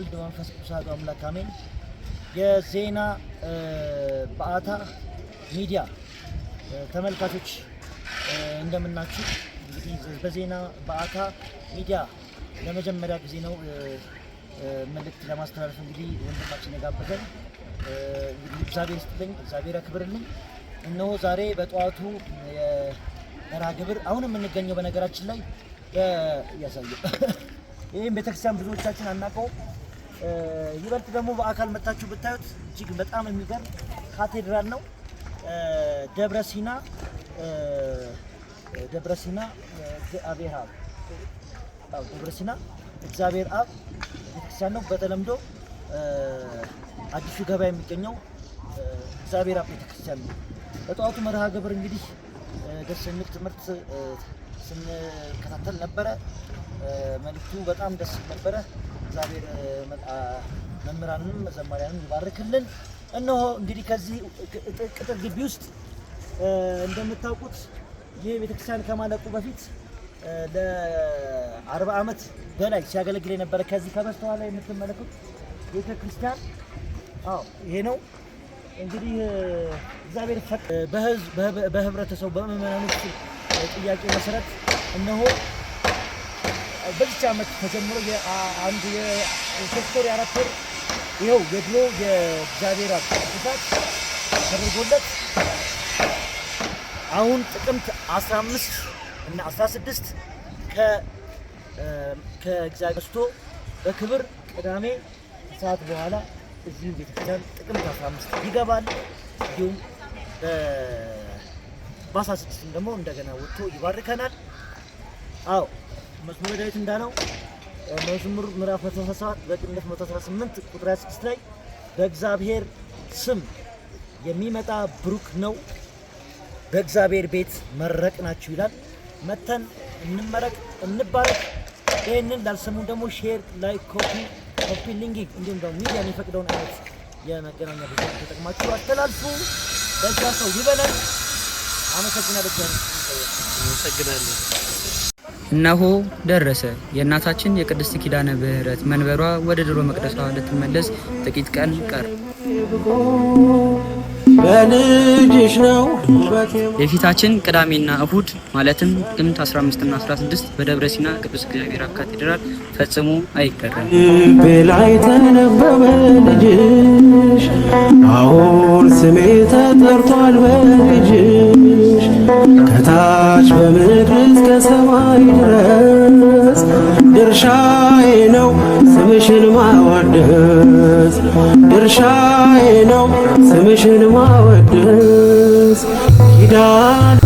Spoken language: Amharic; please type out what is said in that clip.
ወልድ መንፈስ ቅዱስ አሐዱ አምላክ አሜን። የዜና በዓታ ሚዲያ ተመልካቾች እንደምናችሁ። እንግዲህ በዜና በዓታ ሚዲያ ለመጀመሪያ ጊዜ ነው መልእክት ለማስተላለፍ እንግዲህ ወንድማችን የጋበዘን። እንግዲህ እግዚአብሔር ይስጥልኝ፣ እግዚአብሔር ያክብርልኝ። እነሆ ዛሬ በጠዋቱ የመርሃ ግብር አሁን የምንገኘው በነገራችን ላይ ያሳየው ይህም ቤተክርስቲያን ብዙዎቻችን አናውቀው ይበልጥ ደግሞ በአካል መታችሁ ብታዩት እጅግ በጣም የሚገርም ካቴድራል ነው። ደብረ ሲና ደብረ ሲና እግዚአብሔር አብ ደብረ ሲና እግዚአብሔር አብ ቤተክርስቲያን ነው። በተለምዶ አዲሱ ገበያ የሚገኘው እግዚአብሔር አብ ቤተክርስቲያን ነው። በጠዋቱ መርሃ ግብር እንግዲህ ደስ የሚል ትምህርት ስንከታተል ነበረ። መልክቱ በጣም ደስ ነበረ። እግዚአብሔር መምህራንንም መዘማሪያንም ይባርክልን። እነሆ እንግዲህ ከዚህ ቅጥር ግቢ ውስጥ እንደምታውቁት ይህ ቤተክርስቲያን ከማለቁ በፊት ለአርባ ዓመት በላይ ሲያገለግል የነበረ ከዚህ ከበስተኋላ የምትመለከቱት ቤተክርስቲያን ይሄ ነው። እንግዲህ እግዚአብሔር በህዝብ በህብረተሰቡ በምዕመናኖች ጥያቄ መሰረት እነሆ በዚች ዓመት ተጀምሮ አንድ የሶስት ወር የአራት ወር ይኸው የድሎ የእግዚአብሔር አባት ተደርጎለት አሁን ጥቅምት 15 እና 16 ከእግዚአብሔር በስቶ በክብር ቅዳሜ ሰዓት በኋላ እዚህ ቤተክርስቲያን ጥቅምት 15 ይገባል። እንዲሁም በ16ም ደግሞ እንደገና ወጥቶ ይባርከናል። አዎ መዝሙረ ዳዊት እንዳለው መዝሙር ምዕራፍ 117 በቅንፍ 118 ቁጥር 26 ላይ በእግዚአብሔር ስም የሚመጣ ብሩክ ነው፣ በእግዚአብሔር ቤት መረቅ ናችሁ ይላል። መተን እንመረቅ፣ እንባረክ። ይህንን ላልሰሙ ደግሞ ሼር፣ ላይክ፣ ኮፒ ኮፒ ሊንኪንግ እንዲሁም ደግሞ ሚዲያ የሚፈቅደውን አይነት የመገናኛ ብዙኃን ተጠቅማችሁ አስተላልፉ። በዛ ሰው ይበለን። አመሰግናለሁ። አመሰግናለሁ። እነሆ ደረሰ። የእናታችን የቅድስት ኪዳነ ምሕረት መንበሯ ወደ ድሮ መቅደሷ ልትመለስ ጥቂት ቀን ቀር የፊታችን ቅዳሜና እሁድ ማለትም ጥቅምት 15ና 16 በደብረ ሲና ቅዱስ እግዚአብሔር አብ ካቴድራል ፈጽሞ አይቀርም። ላይ ተነበበ ልጅሽ ስሜ ተጠርቷል በልጅሽ ድርሻዬ ነው ስምሽን ማወደስ ድርሻዬ ነው ስምሽን ማወደስ ኪዳነ